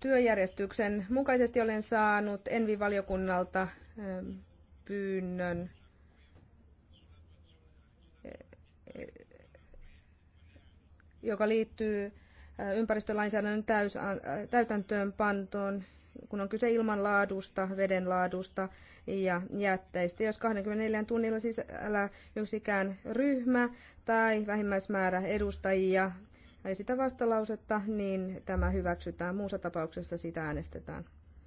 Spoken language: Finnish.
työjärjestyksen mukaisesti olen saanut Envi-valiokunnalta ähm, pyynnön joka liittyy äh, ympäristölainsäädännön täys, äh, täytäntöönpantoon, kun on kyse ilmanlaadusta, vedenlaadusta ja jätteistä. Jos 24 tunnilla sisällä yksikään ryhmä tai vähimmäismäärä edustajia esitä vastalausetta, niin tämä hyväksytään. Muussa tapauksessa sitä äänestetään.